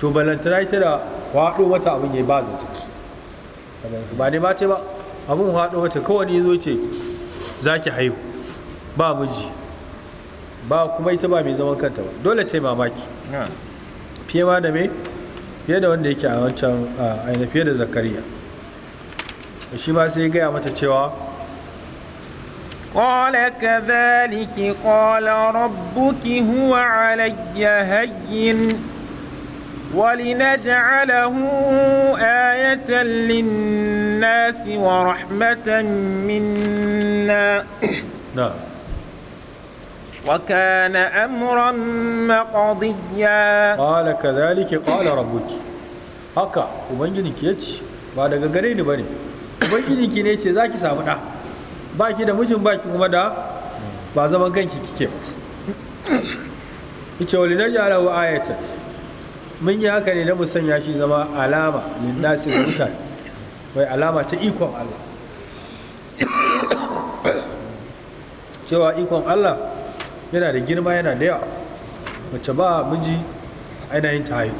to balantana ita da haɗo mata abin ya ba zato ba ne ba ce ba abin haɗo mata kowane ya zo ce za ki haihu ba miji ba kuma ita ba mai zaman kanta ba dole ta yi mamaki fiye ma da me fiye da wanda yake a wancan aina fiye da zakariya shi ma sai gaya mata cewa قال كذلك قال ربك هو علي هين ولنجعله آية للناس ورحمة منا نعم وكان أمرا مقضيا قال كذلك قال ربك هكا وبنجنك يتش بعد غريني بني وبنجنك نيتش ذاك سامنا baki da mijin baki kuma da ba zaman kanki kike ba ita wali na jara wa ayatan mun yi haka ne na mu sanya shi zama alama lin nasi mutane mai alama ta ikon Allah cewa ikon Allah yana da girma yana da yawa wacce ba miji ainihin ta haihu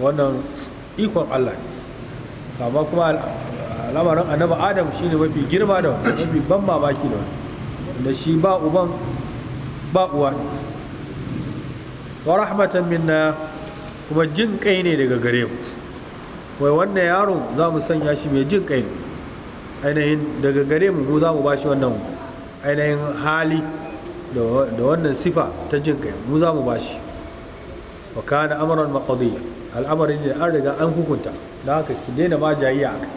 wannan ikon Allah ne amma kuma lamarin annabi adam shine mafi girma da mafi ban mamaki da wani da shi ba uban ba uwa ne wa rahmatan minna kuma jin kai ne daga gare mu wai wannan yaro za mu sanya shi mai jin kai ne ainihin daga gare mu mu za mu bashi wannan ainihin hali da wannan sifa ta jin kai mu za mu bashi wa kana amran maqdiya al'amarin ne an riga an hukunta da haka ki daina ma jayiya akai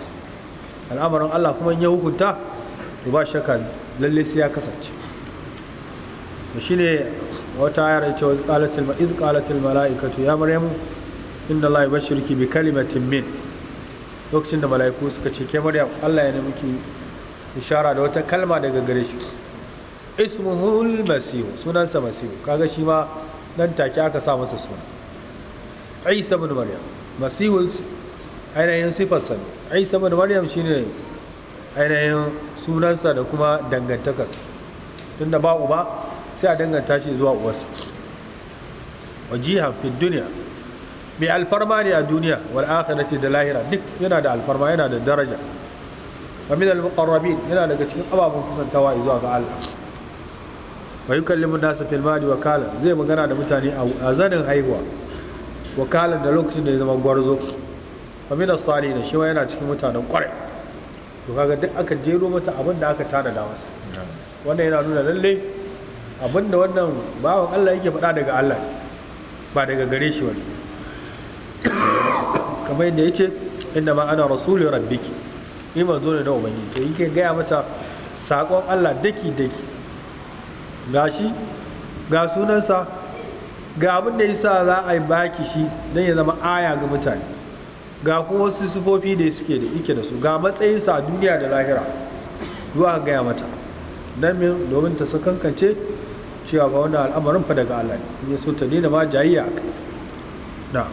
al'amarin Allah kuma in ya hukunta to ba shakka lalle sai ya kasance shine wata ayar ita wa qalatil id qalatil malaikatu ya maryamu inna allaha yubashshiruki bi kalimatin min lokacin da malaiku suka ce ke maryam Allah ya miki ishara da wata kalma daga gare shi ismuhul masih sunansa masih kaga shi ma nan take aka sa masa suna Isa ibn Maryam masihul ainihin sifarsa ne Isa ibn Maryam shine ainihin sunansa da kuma dangantakarsa tunda ba uba sai a danganta shi zuwa uwarsa wajiha fi duniya mai alfarma ne a duniya wal akhirati da lahira duk yana da alfarma yana da daraja wa min al muqarrabin yana daga cikin ababen kusantawa zuwa ga Allah wa yukallimu nas fil madi wa kala zai magana da mutane a zanin haihuwa wa kala da lokacin da ya zama gwarzo wa min as salihin shi yana cikin mutanen kware to kaga duk aka jero mata abin da aka tada da masa wannan yana nuna lalle abinda wannan bawan Allah yake faɗa daga Allah ba daga gare shi wani kamar yadda ya ce inda ma ana rasulun rabbiki ni manzo ne da ubangiji to yake gaya mata saƙon Allah daki daki Ga shi, ga sunansa ga abin da yasa za a yi baki shi don ya zama aya ga mutane ga kuma wasu sufofi da suke da ike da su ga matsayinsa a duniya da lahira zuwa gaya mata don domin ta sakankance cewa ba wannan al'amarin fa daga Allah ne ta ma jayayya na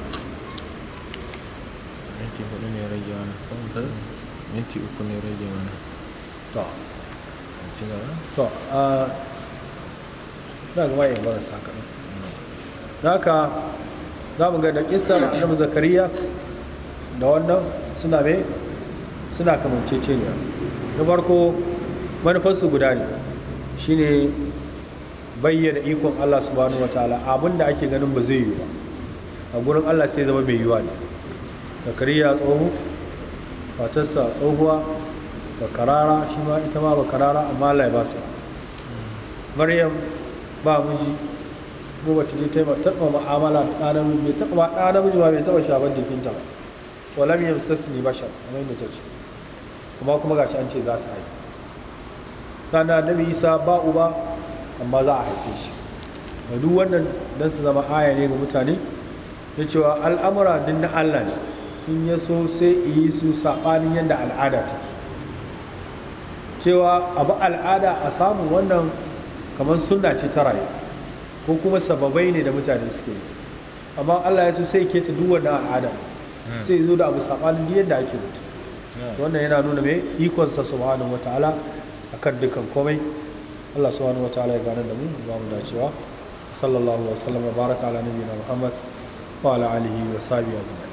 a wayan da haka za mu ga da kissar na zakariya da wannan suna me suna ne na farko manufarsu guda ne shine bayyana ikon Allah subhanahu wataala abin da ake ganin ba zai yi ba a gurin Allah sai zama mai wa ne kariya tsoho fatarsa tsohuwa karara, shi ma ita ma ba karara amma Allah ya ba su maryam ba miji kuma bata je ta taɓa ma'amala da ɗan namiji bai taɓa ba ɗan namiji ba bai taɓa shaban jikinta ba walam ne ba kamar yadda ta ce kuma kuma gashi an ce za ta haihu da nabi isa ba uba amma za a haife shi da duk wannan don su zama aya ne ga mutane da cewa al'amura din na Allah ne in ya so sai yi su saɓanin yadda al'ada take cewa abu al'ada a samu wannan kamar sunna ce ta rayu ko kuma sababai ne da mutane suke yi amma Allah ya so sai ke ta duk wannan al'ada hmm. sai zo da abu saɓanin yadda ake zato hmm. wannan yana nuna mai ikonsa subhanahu wataala akan dukkan komai Allah subhanahu wa ta'ala ya gane da mu ba mu dacewa sallallahu wa sallam wa baraka ala nabiyina Muhammad wa ala alihi wa sahbihi